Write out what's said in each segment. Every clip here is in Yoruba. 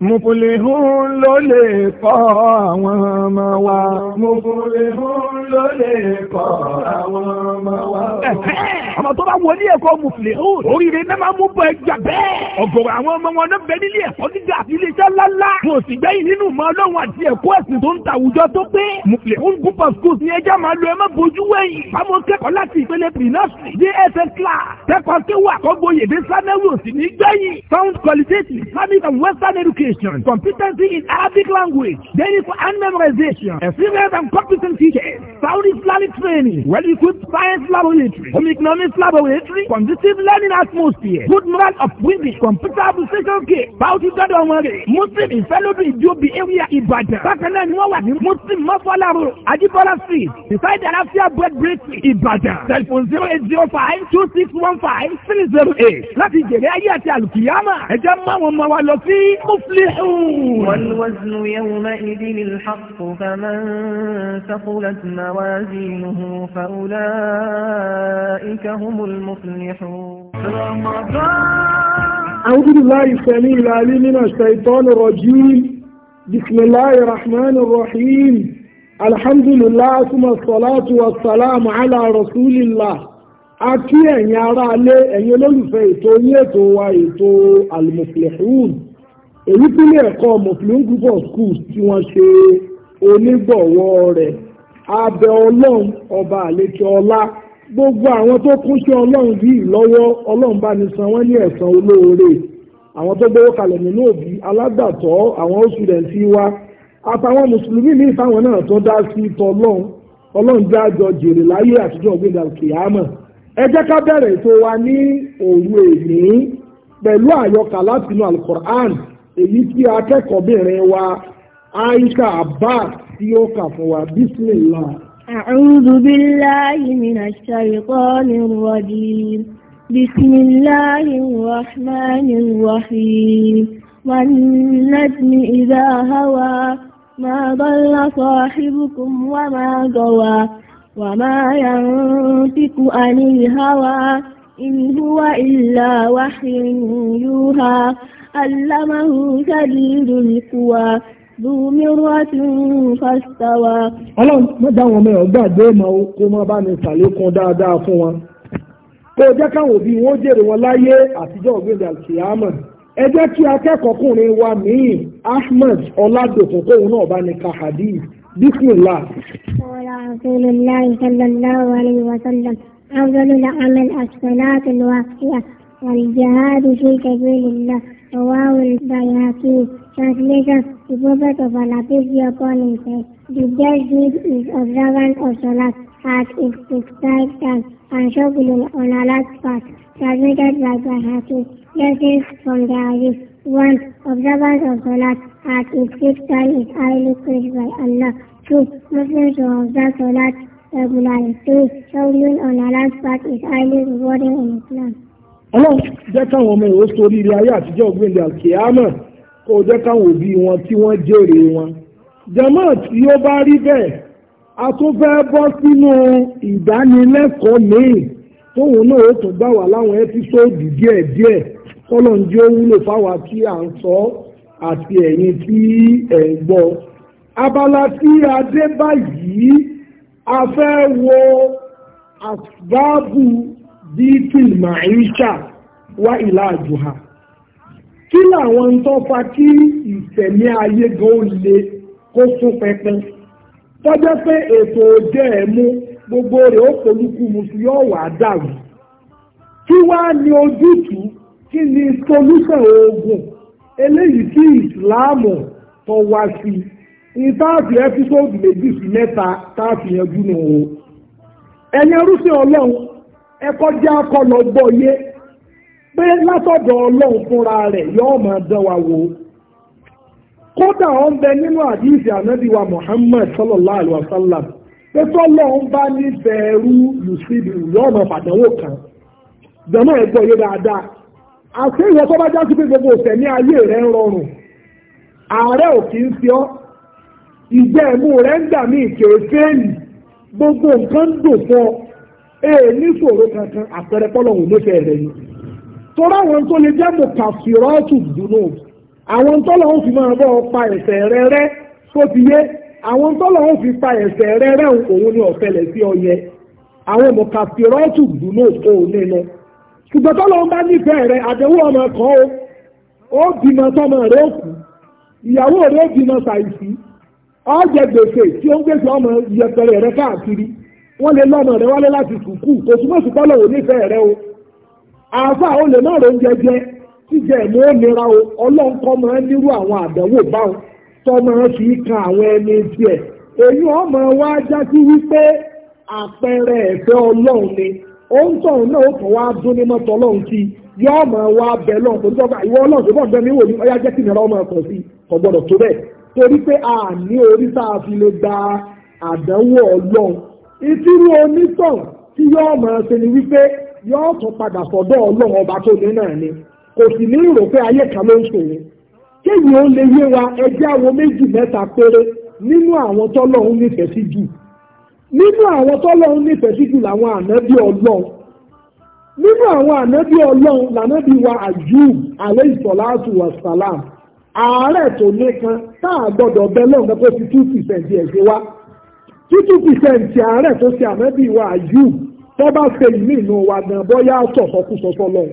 Mùfúlihún ló lè kọ́ àwọn ọmọ wa. Mùfúlihún ló lè kọ́ àwọn ọmọ wa. Ọmọ tó bá wọlé ẹ̀kọ́ mùfúlihún. Oríire náà máa mú bọ ẹja bẹ́ẹ̀. Ọ̀gọ̀rọ̀ àwọn ọmọ wọn náà bẹ nílé ẹ̀kọ́ gíga àti iléeṣẹ́ ńláńlá. Mo sì gbẹ́yìn nínú ìmọ̀ ọlọ́run àti ẹ̀kọ́ ẹ̀sìn tó ń ta àwùjọ tó pé. Mùfúlihún group of schools ni ẹja máa lo ẹ má bojú wẹ̀yìn. Báwo kẹ́kọ̀ọ́ láti ìpele pre-nursery DSS class. Kẹ́kọ̀ọ́ kí Sound qualitative Islamic and Western education memorization, competency in Arabic language, daily Quran memorization, experienced and competent teacher. sound Islamic training, well-equipped science laboratory, home economics laboratory, conducive learning atmosphere, good moral of women, computer application kit, bounty God Omari, Muslim in fellow to Ijobi area Ibadan, bákan náà ni wọ́n wà ní Muslim Mọ́fọ́láro, Ajibola street, beside rafia bread bakery Ibadan, telephone zero eight zero five two six one five three zero eight láti jèrè ayé àti àlùkìyàmà, ẹ jẹ́ mọ́ àwọn ọmọ wa lọ sí Muslim. والوزن يومئذ الحق فمن ثقلت موازينه فأولئك هم المفلحون أعوذ بالله السميع العليم من الشيطان الرجيم بسم الله الرحمن الرحيم الحمد لله ثم الصلاة والسلام على رسول الله a أن يرى ará أن ẹ̀yin olólùfẹ́ ètò المفلحون èyí tí ilé ẹ̀kọ́ Muslim group of schools tí wọ́n ṣe onígbọ̀wọ́ rẹ̀ abẹ ọlọ́run ọba àlejò ọlá gbogbo àwọn tó kún sí ọlọ́run yìí lọ́wọ́ ọlọ́run bá ní san wọ́n ní ẹ̀san olóore àwọn tó gbowó kalẹ̀ nínú òbí aládàtọ́ àwọn sùdẹ̀ǹtì wa àtàwọn mùsùlùmí ní ìfáwọn náà tó dá sí ìtọ́ ọlọ́run ọlọ́run jẹ́ àjọ jèrè láyé àtijọ́ ọ̀gbìndà kìámọ̀ ẹ jẹ́ ká bẹ̀rẹ̀ tó wa ní òru èní pẹ̀lú àyọkà látinú alukur'an èyí tí akẹ́kọ̀ọ́bìnrin wa aisha abbas tí ó kà fún wa bísmìlá. a'udhu billahi minash shaytanir rajim bismillahir rahmanir rahim wan najmi idha hawa ma dalla sahibukum wa ma wa ma yantiqu anil hawa in illa wahyun yuha. علمه شديد القوى ذو مرة فاستوى ọlọ́run mẹ́ta àwọn ọmọ ẹ̀gbà dé ma kó má bá ní ṣàlékún dáadáa fún wọn kó jẹ́ káwọn òbí wọn jèrè wọn láyé àtijọ́ ògbéǹdà kìámà ẹ jẹ́ kí akẹ́kọ̀ọ́kùnrin wa míì Ahmed Ọládòkun kóun náà bá ní kahadi bísmìlá. ọ̀rọ̀ àfẹ́lẹ́ láì sọ́lá láwọ̀ àlẹ́ ìwàsọ́lá أفضل العمل الصلاة الواقعة والجهاد في سبيل الله Rawahu al-Bayhaqi. Translation The Prophet of Allah, peace be upon him, said, The best deed is observance of Salat at its prescribed time and shogulun on Allah's path. Transmitted by Bayhaqi. Lessons from the Hadith. 1. Observance of Salat at its fixed time is highly praised by Allah. 2. Muslims who observe Salat regularly. 3. Shogulun on Allah's path is highly ọlọ́run jẹ́ káwọn ọmọ ìwé sórí ilé ayé àtijọ́ ògbéǹde àkèámọ̀ kó jẹ́ káwọn òbí wọn tí wọ́n jèrè wọn. jàmọ́ tí ó bá rí bẹ́ẹ̀ a tún fẹ́ bọ́ sínú ìdánilẹ́kọ̀ọ́ míì tóun náà ó tún gbà wá láwọn ẹ́písòòdù díẹ̀díẹ̀ kọ́lọ̀ ń jẹ́ wúlò fáwa tí à ń sọ àti ẹ̀yin tí ẹ̀ ń gbọ́. abala tí a dé báyìí a fẹ́ wo àsìbáàbù bíìtìl màáíṣà wá ìlà àjùhà kí làwọn ń tó fa kí ìtẹ̀mí ayé gan ó le kó sún pẹpẹ tọ́jọ́ pé ètò òde ẹ̀ mú gbogbo rẹ̀ ó polúkú mùsùlùmí ọ̀wà dàrú kí wá ní ojútùú kí ni solúsàn oògùn eléyìí tí ìsìláàmù tó wá sí ìtaàfì ẹ́físọ́ọ̀dù méjì sí mẹ́ta táàfì yanjú nù o ẹ̀yin arúfin ọlọ́run ẹ̀kọ́ jẹ́ akọlọ gbọ́ yé pé látọ̀dọ̀ ọlọ́run fúnra rẹ̀ yóò máa wa wò kódà ó ń bẹ nínú àdìsí Muhammad sallallahu alaihi wasallam pé tọ́lọ́run bá máa kan yé dáadáa àti ìwọ tó bá gbogbo ní ayé rẹ̀ ń rọrùn ààrẹ ò kì í fi ọ́ ẹ̀mú gbogbo nǹkan ń ee ní sòro kankan àpẹẹrẹ pọ́lọ́hùn nífẹ̀ẹ́ rẹ̀ ni torí àwọn tó lè jẹ́ mọ̀kàfìrọ́ọ̀tù dùnú àwọn tọ́lọ́hùn fi máa bọ́ pa ẹ̀ṣẹ̀ rẹ rẹ́ tó ti yé àwọn fi pa ẹ̀ṣẹ̀ rẹ rẹ́ òun ni ọ̀fẹ́lẹ̀ sí ọyẹ àwọn mọ̀kàfìrọ́ọ̀tù dùnú òun nínú ṣùgbọ́n tọ́lọ́hùn bá nífẹ̀ẹ́ rẹ àdéhùn ọmọ kan ó bímọ tọmọ rẹ ó kú ìyàwó rẹ wọ́n lè lọ́nà rẹ̀ wálé láti sùkú kò túmọ̀ sí pọ́lọ̀ wò nífẹ̀ẹ́ o àáfà ó lè má ròún jẹjẹ jíjẹ ẹ̀mí ó nira o ọlọ́run kọ́ máa ń nírú àwọn àdánwò báwọn tọ́ máa fi kan àwọn ẹni èyí já sí wípé àpẹẹrẹ ẹ̀fẹ́ ọlọ́run ni òun náà ó kàn wá dún ní mọ́tò ọlọ́run kí wá bẹ̀ kò ìtúrú onítàn tí yóò máa ṣe ni wípé yóò tún padà sọ́dọ̀ ọlọ́run ọba tó ní náà ni kò sì ní rò pé ayé kan ló ń ṣòro kéyìí ó lè yé wa ẹjẹ́ àwọn méjì mẹ́ta péré nínú àwọn tọ́lọ́run nífẹ̀ẹ́ sí jù nínú àwọn tọ́lọ́run nífẹ̀ẹ́ sí jù làwọn ànábì ọlọ́run nínú àwọn ànábì ọlọ́run lànábì wa Ayub alayhi salatu wassalam àárẹ̀ tó ní kan tá a gbọ́dọ̀ bẹ́ẹ̀ lọ́nà kó fi two percent ẹ̀ ṣe wá títú pìsẹ̀ǹtì àárẹ̀ tó ṣe àmẹ́bí wa yù tó bá ṣe ìmí inú wa gan bóyá sọ̀sọ̀kúsọ̀sọ̀ lọ.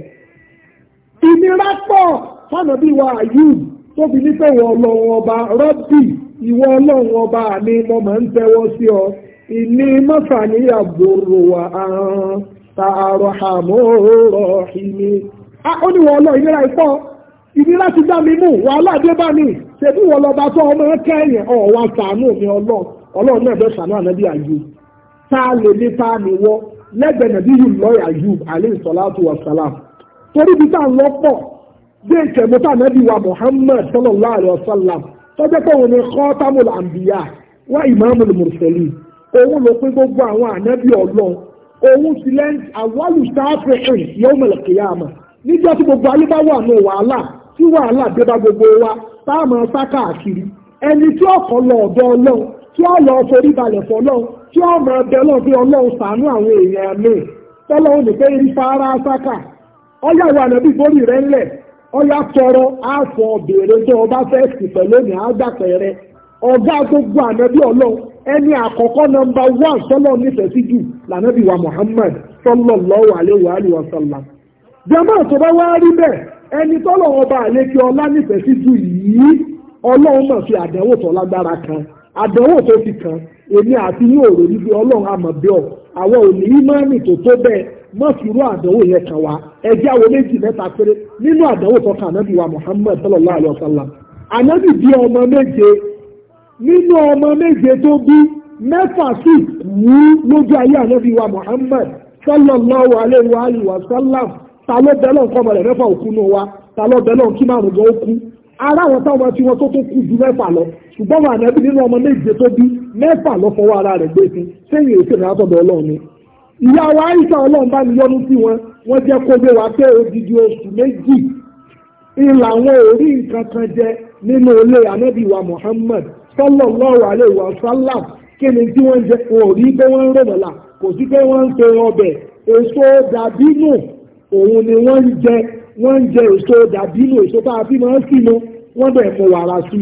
ìnira pọ̀ fànàbí wa yù tóbi nípẹ́ wọ ọlọ́run ọba rọ́bì ìwọ ọlọ́run ọba mi mo máa ń tẹ́wọ́ sí ọ ìní mọ́fàníyà gbòòrò wà áhàn tààrọ̀ àmúrò ìní. ó ní wọ ọlọ́run ìnira ìpọ́ ìnira ti dá mi mú wàhálà dé bá mi ṣèbí wọ lọ́ba tó ọmọ kẹ́yìn ọ̀ wá ṣàánú mi ọlọ́run ọlọ́run náà bẹ́ẹ̀ sànú ànábì ayub tá a lè ní tá a ní wọ́ lẹ́gbẹ̀ẹ́ nàbí yìí lọ́ọ̀ ayub alayhi salatu wa salam torí bí tá a lọ pọ̀ dé ìkẹ̀mọ́tà nàbí wa muhammad sallallahu alayhi wa sallam tọ́jọ́ pé òun ni khatamul anbiya wa imamul mursalin òun ló pín gbogbo àwọn ànábì ọlọ́run òun sì lẹ́ àwọ̀lù sáfẹ̀ẹ́ yawmal qiyamah níjọ́ tí gbogbo ayé bá wà ní wàhálà tí wàhálà dé bá gbogbo wa táà máa sá káàkiri ẹni tí ọkọ̀ lọ ọ̀dọ̀ ọlọ́run tí a lọ forí balẹ̀ fọlọ́run tí a máa bí ọlọ́run àwọn èèyàn pé sáka ọyàwó ànábì borí rẹ ńlẹ̀ ọyà tọrọ àfọ béèrè tó ọba pẹ̀lú ẹni àkọ́kọ́ nọmba one tọ́lọ́ nífẹ̀ẹ́ sí jù wa Muhammad jẹ́mọ́ wá rí bẹ́ẹ̀ ẹni tọ́lọ́ ọba àlejò ọlá nífẹ̀ẹ́ sí jù yìí ọlọ́run mọ̀ kan àdánwò tó fi kàn èmi àti yín ò ròyìn ọlọ́run àmọ̀bí ọ̀ àwọn ò ní ímánì tó tó bẹ́ẹ̀ mọ̀ sí irú àdánwò yẹn kàn wá ẹjẹ́ àwọn bí ọmọ méje nínú ọmọ méje tó bí mẹ́fà sì wú lójú ayé ànábì wa sallallahu alayhi wa sallam ta ló bẹ́ẹ̀ lọ́nkọ́ ọmọ rẹ̀ mẹ́fà òkú nù wa ta ló bẹ́ẹ̀ ara àwọn táwọn tí wọn tó tún kú ju mẹ́fà lọ ṣùgbọ́n wọn ànábì nínú ọmọ méje tó bí mẹ́fà lọ fọwọ́ ara rẹ̀ gbé fún sẹ́yìn èsì rẹ̀ látọ̀dọ̀ ọlọ́run ni. ìyá wa àìsàn ọlọ́run bá ní yọnu sí wọn wọ́n jẹ́ kó gbé wa pé odidi oṣù méjì ìlà àwọn òrí nǹkan kan jẹ nínú ilé ànábì wa Muhammad sallallahu alaihi wa sallam kí ni tí wọ́n jẹ òrí pé wọ́n ń ròmọ̀là kò sí pé wọ́n ń pe ọbẹ̀ èso dàbínù òun ni wọ́n jẹ wọ́n ń jẹ èso dàbínú èso tá a fi máa ń sínú wọ́n dẹ̀ mú wàrà sí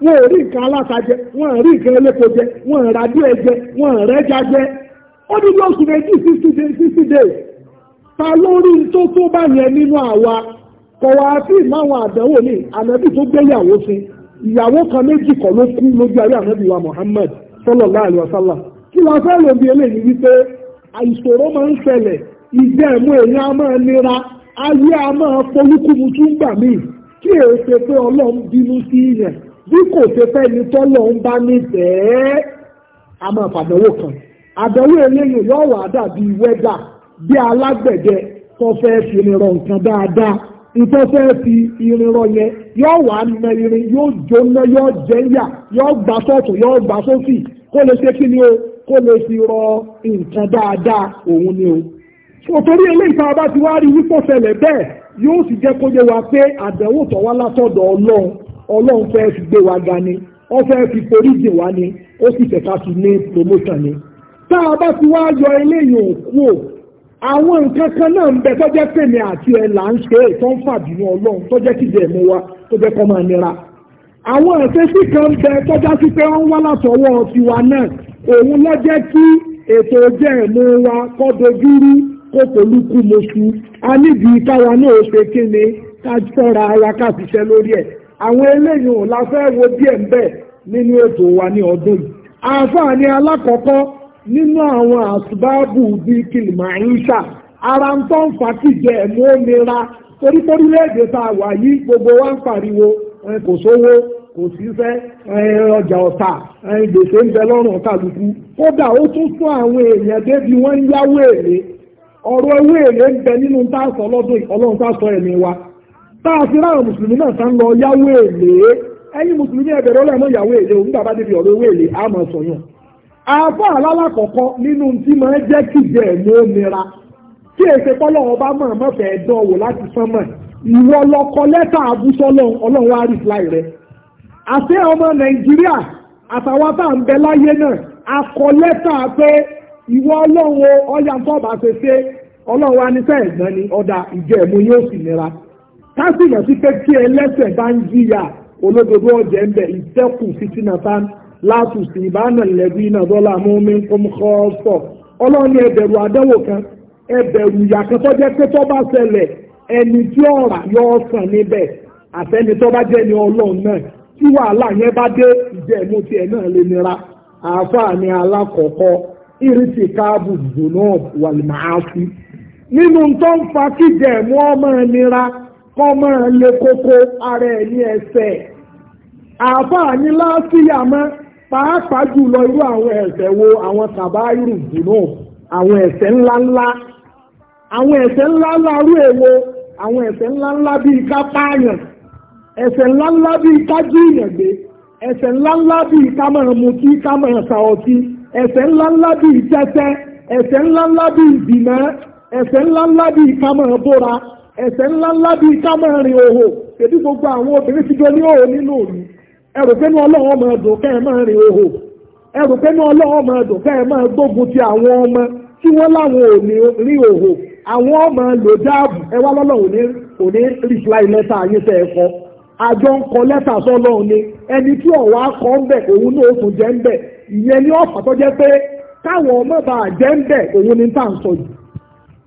i wọn ò rí nǹkan alátajẹ wọn ò rí nǹkan eléko jẹ wọn ò ra díẹ̀ jẹ wọn ò rẹ́jà jẹ ó ní days ta lori tó tó bá nínú àwa kọ̀wá sí ìmáwọn àdánwò ní ànábì tó sí kan méjì kọ̀ ló kú lójú ayé ànábì wa kí fẹ́ lòdì wípé máa ń ṣẹlẹ̀ ìdẹ́ẹ̀mú èèyàn á máa nira ayé á máa folúkúmu tún gbà míì kí èè ṣe pé ọlọ́run bínú sí yẹn bí kò ṣe fẹ́ ni tọ́lọ́run bá nífẹ̀ẹ́ a máa fàdánwò kan àdánwò eléyìí yóò wà dàbí wẹ́dà bí alágbẹ̀dẹ tó fẹ́ fi rọ nǹkan dáadáa ìtọ́ fẹ́ fi irin rọ yẹn yóò wà na irin yóò jóná yóò jẹ́yà yóò gbà sọ́ọ̀tún yóò gbà sósì kó lè ṣe kí ni o kó lè fi rọ nǹkan dáadáa òun ni o òtorí eléyìí tá a bá ti wá rí wípò ṣẹlẹ̀ bẹ́ẹ̀ yóò sì jẹ́ kó yé wa pé àdánwò tó wá látọ̀dọ̀ ọlọ́run ọlọ́run fẹ́ fi gbé wa ga ni ó fẹ́ fi foríjì wa ni ó sì tẹ̀ka sí ní promotion ni tá a bá ti wá yọ eléyìí òkú o àwọn nǹkan kan náà ń bẹ tó jẹ́ pèmí àti ẹ̀ là ń ṣe é tó ń fàbínú ọlọ́run tó jẹ́ kíjẹ́ mú wa tó jẹ́ kó máa nira àwọn ìṣesí kan ń bẹ tó já sí pé wọ́n wá látọwọ́ tiwa náà òun ló jẹ́ kí ètò ìjẹ́ ẹ̀mú wa kó dojúrú kó polúkú moṣu a níbi káwa náà ṣe kíni ká tọ́ra ara ká ṣiṣẹ́ lórí ẹ̀ àwọn eléyìí ò la fẹ́ wo díẹ̀ ń bẹ̀ nínú ètò wa ní ọdún yìí àǹfààní alákọ̀ọ́kọ́ nínú àwọn àṣùbáàbù bíi ara ń tọ́ ń fa kíjẹ ẹ̀mú omira torí gbogbo wa ń pariwo kò sówó kò síṣẹ́ ọjà ọ̀tà gbèsè ń bẹ lọ́rùn kódà ó tún fún àwọn ọ̀rọ̀ owó èrè ń bẹ nínú táàsọ̀ lọ́dún ọlọ́run táàsọ̀ ẹ̀mí wa táàsì ráhùn mùsùlùmí náà tá ń lọ yáwó èlé ẹ̀yin mùsùlùmí ẹ̀bẹ̀rẹ̀ ọlọ́run náà èlé òun bàbá débi ọ̀rọ̀ owó èlé á máa sọ̀yàn. nínú tí máa jẹ́ ẹ̀mí kí èsè pọ́lọ́ ọba máa má fẹ́ dán wò láti ìwọ lọkọ lẹ́tà ìwọ ọlọ́run ọyà tọ́ba ṣe ṣe ọlọ́run wa ní sẹ́ẹ̀ gbọ́n ni ọ̀dà ìjọ ẹ̀mú yóò sì nira káṣíyà sí pé kí ẹlẹ́sẹ̀ bá ń jìyà olódodo ọ̀jẹ̀ ń bẹ̀ ìtẹ́kù fitinà tán látù sí ìbánà lẹ́bí iná dọ́là mú mi kún kọ́ sọ ọlọ́run ẹbẹ̀rù àdánwò kan ẹbẹ̀rù ìyà kan tó jẹ́ pé tó bá ṣẹlẹ̀ ẹni tí ọ̀rà yọ sàn níbẹ̀ àtẹni tó bá jẹ́ ni ọlọ́run náà tí wàhálà yẹn bá dé ìjẹ́ ìmú tiẹ̀ náà lè nira àáfàá ni alákọ̀ọ́kọ́ ìrìsì káàbù dùnú wàlìmáàfin nínú tó ń fa kíjẹ̀mú ọmọ nira kọ́ máa le koko ara ẹ̀ ní ẹsẹ̀ àáfàá ní láásìyàmọ́ pàápàá jùlọ irú àwọn ẹ̀ṣẹ̀ wo àwọn kàbáyìrù dùnú àwọn ẹ̀ṣẹ̀ ńláńlá àwọn ẹ̀ṣẹ̀ ńláńlá rú èwo àwọn ẹ̀ṣẹ̀ ńláńlá bíi ká pààyàn ẹ̀ṣẹ̀ ńláńlá bíi ká jí ìyàn gbé ẹ̀ṣẹ̀ ńláńlá bíi ká máa mutí ká máa sa ọtí ese ńláńlá bíi tẹ́tẹ́ ẹ̀ṣẹ̀ ńláńlá bíi ìdìnà ẹ̀ṣẹ̀ ńláńlá bíi kámọ̀ bóra ẹ̀ṣẹ̀ ńláńlá bíi kámọ̀ rìn òhò èdè gbogbo àwọn obìnrin ti jọ ní òhò nínú òní ẹrù pé ní ọlọ́wọ́ máa dùn kẹ́ ẹ̀ máa rìn òhò ẹrù pé ní ọlọ́wọ́ máa dùn kẹ́ máa gbógun ti àwọn ọmọ tí wọ́n láwọn ò ní rí òhò àwọn ọmọ lò dáàbò ẹ wá lọ́lọ́ òní lẹ́tà kọ́ àjọ ń kọ ìyẹn ní ọ̀fà tó jẹ́ pé káwọn ọmọ bá jẹ́ ń bẹ̀ òun ni tá à ń sọ yìí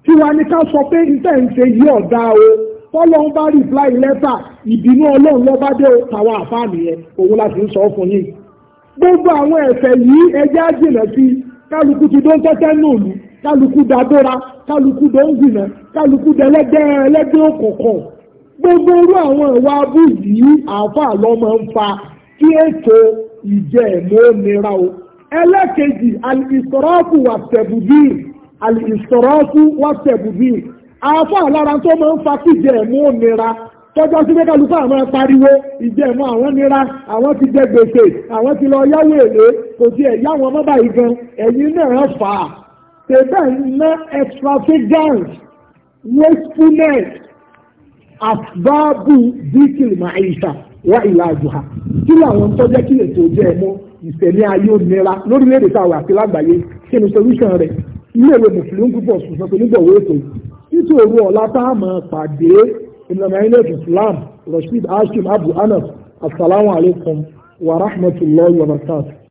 tí wàá ní ká sọ pé iṣẹ́ ń ṣe yí ọ̀dà o tọ́lọ́n bá reply letter ìbínú ọlọ́run lọ́ba dé o tàwa àfáàmì yẹn òun la sì ń sọ fún yín gbogbo àwọn ẹ̀fẹ̀ yìí ẹjẹ́ àjìnà sí kálukú ti dó ń tẹ́tẹ́ nùlù kálukú dadóra kálukú dó ń gbìnà kálukú dẹlẹ́gbẹ́ ẹlẹ́gbẹ́ òkùnkùn gbogbo irú àwọn ìwà abúlé yìí àáfàá lọ́mọ ń fa kí ètò ìjẹ́ ẹ̀mọ́ nira o ẹlẹ́kejì alìsọ̀rọ̀fù wà tẹ̀bùbí alìsọ̀rọ̀fù wà tẹ̀bùbí afọ́ àlára tó máa ń fa kí ìjẹ́ ẹ̀mọ́ nira tọ́jọ́ sí pé kálukú àwọn pariwo ìjẹ́ ẹ̀mọ́ àwọn nira àwọn ti jẹ gbèsè àwọn ti lọ yáwó èlé kò sí ẹ̀yá àwọn ọmọ báyìí gan ẹ̀yin náà fà á tẹ̀bẹ̀ ná extravagance wastefulness asbabu dikil maisha wá ìlà àjùhà kí làwọn tó jẹ́ kí ètò ìjẹ́ ẹ̀mọ́ ìṣẹ̀lẹ̀ ayé òmìnira lórílẹ̀‐èdè táwọn àti lágbàáyé kí ni solution rẹ̀ iléèwé mùsùlùmí púpọ̀ sùsọ pé nígbà owó ètò títí òru ọ̀la tá pàdé ìlànà ilé Islam Rashid Hashim Abu Anas asalaamualeykum wa rahmatulahi wa barakatuh.